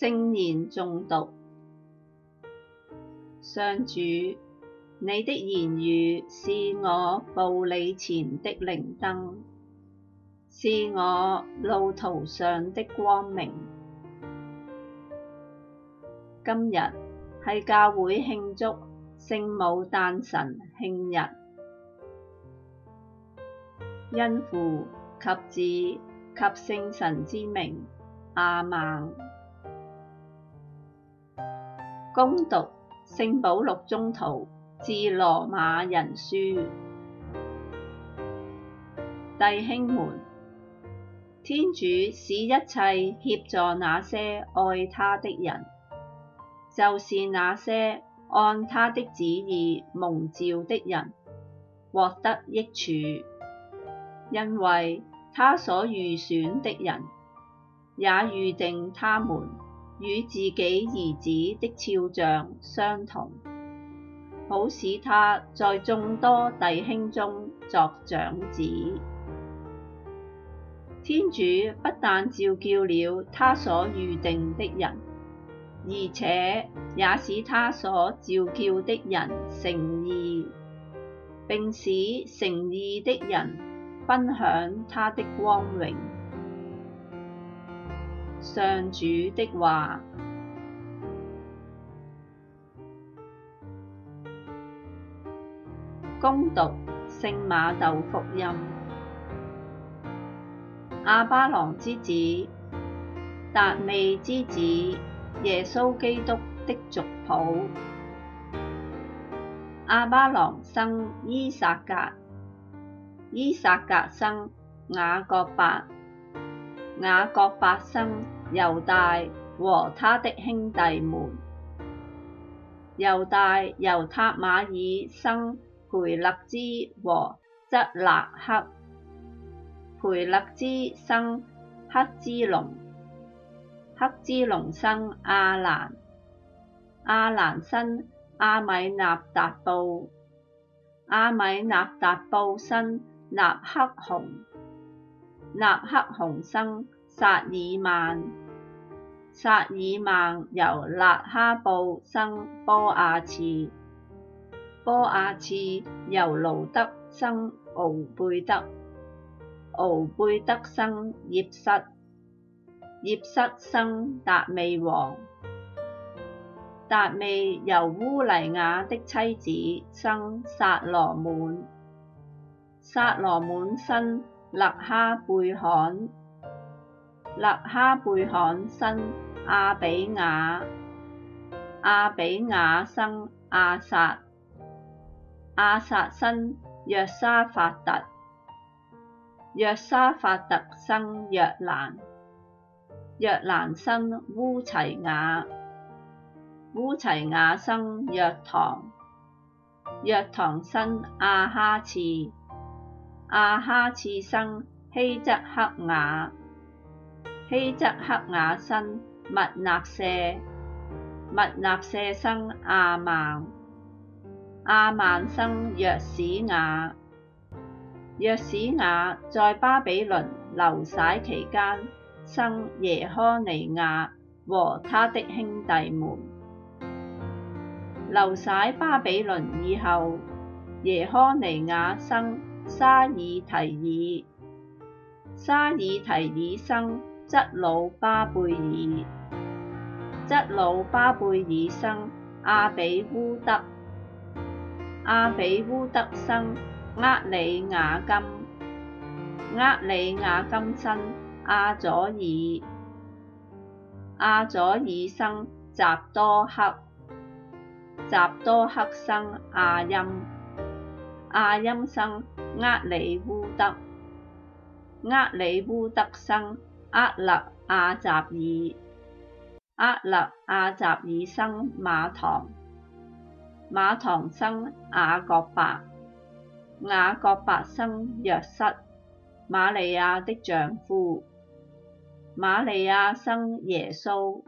聖言誦讀，上主，你的言語是我步履前的靈燈，是我路途上的光明。今日係教會慶祝聖母誕辰慶日，因父及子及聖神之名，阿孟。恭讀聖保祿宗徒致《羅馬人書》，弟兄們，天主使一切協助那些愛他的人，就是那些按他的旨意蒙召的人，獲得益處，因為他所預選的人也預定他們，與自己兒子的肖像相同，好使他在眾多弟兄中作長子。天主不但召叫了他所預定的人，而且也使他所召叫的人成義，並使成義的人分享他的光榮。上主的話。恭讀聖瑪竇福音。亞巴郎之子，達味之子耶穌基督的族譜。亞巴郎生依撒格，依撒格生雅各伯，雅各伯生各伯。猶大和他的兄弟們，猶大、由塔瑪爾生、培勒茲和、則辣黑、培勒茲生赫茲、赫茲龍、赫茲龍生、阿蘭、阿蘭生、阿米納達布、阿米納達布生納、納赫雄、納赫雄生。撒耳孟，撒耳孟由辣哈布生波阿次，波阿次由盧德生敖貝得，敖貝得生葉瑟，葉瑟生達味王，達味由烏黎雅的妻子生撒羅滿，撒羅滿生勒哈貝罕。勒哈貝罕生阿彼雅，阿彼雅生阿撒，阿撒生約沙法特，約沙法特生約蘭，約蘭生烏齊雅，烏齊雅生約堂，約堂生，生阿哈次，阿哈次生希則克雅。希則克雅生密納舍，默納舍生阿孟，阿孟生約史雅，約史雅在巴比倫流徙期間生耶苛尼雅和他的兄弟們。流徙巴比倫以後，耶苛尼雅生沙耳提耳，沙耳提耳生。則魯巴貝耳，則魯巴貝耳生阿彼烏得，阿彼烏得生厄里雅金，厄里雅金生阿左爾，阿左爾生匝多克，匝多克生阿歆，阿歆生厄里烏得，厄里烏得生。厄肋阿匝爾，厄肋阿匝爾生瑪堂，瑪堂生雅各伯，雅各伯生若瑟，瑪利亞的丈夫，瑪利亞生耶穌，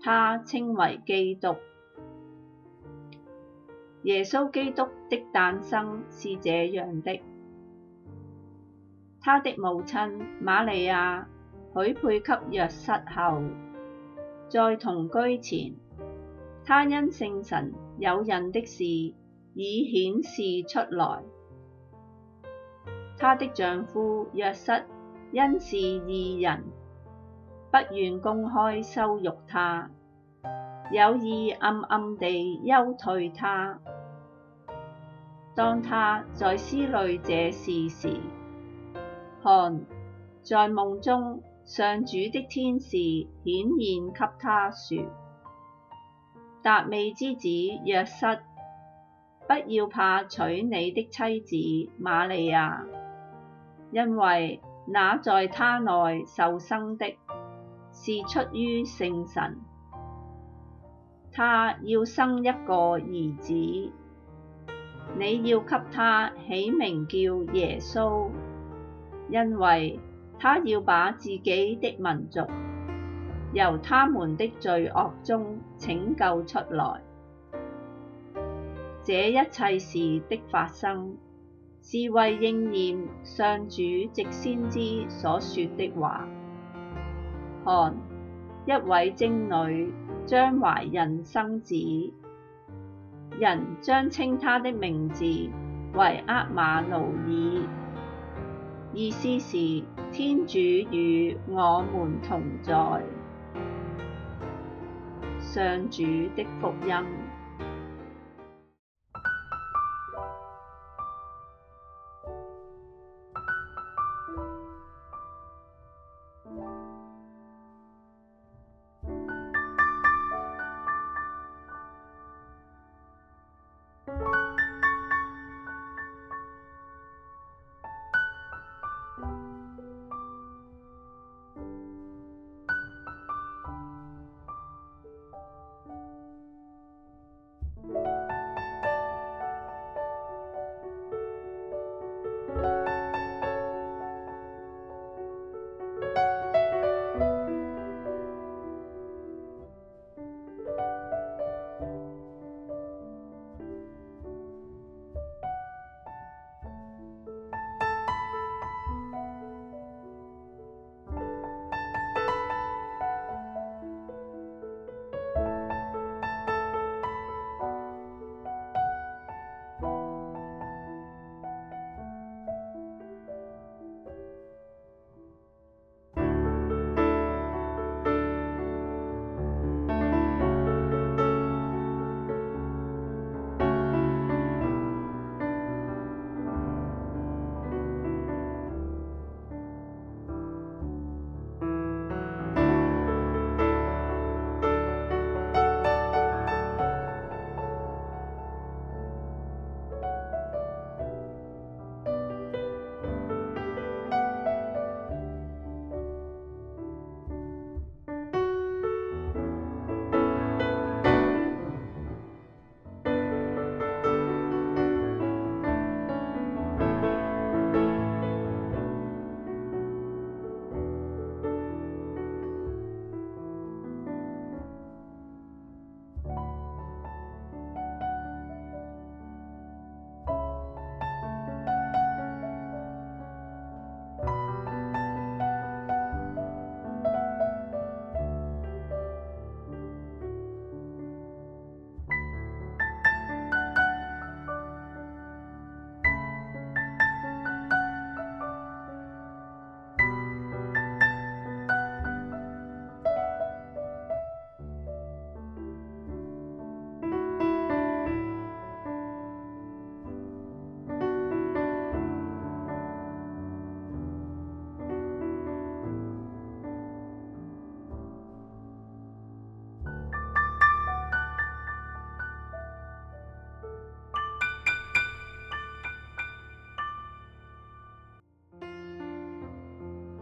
他稱為基督。耶穌基督的誕生是這樣的，他的母親瑪利亞。許配給若瑟後，在同居前，她因聖神有孕的事已顯示出來。她的丈夫若瑟因是義人，不願公開羞辱她，有意暗暗地休退她。當她在思慮這事時，看，在夢中。上主的天使顯現給他説：達味之子若瑟，不要怕娶你的妻子瑪利亞，因為那在她內受生的，是出於聖神。她要生一個兒子，你要給他起名叫耶穌，因為。他要把自己的民族，由他們的罪惡中拯救出來。這一切事的發生，是為應驗上主藉先知所說的話。看，一位貞女將懷孕生子，人將稱他的名字為厄瑪奴耳。意思是天主與我們同在，上主的福音。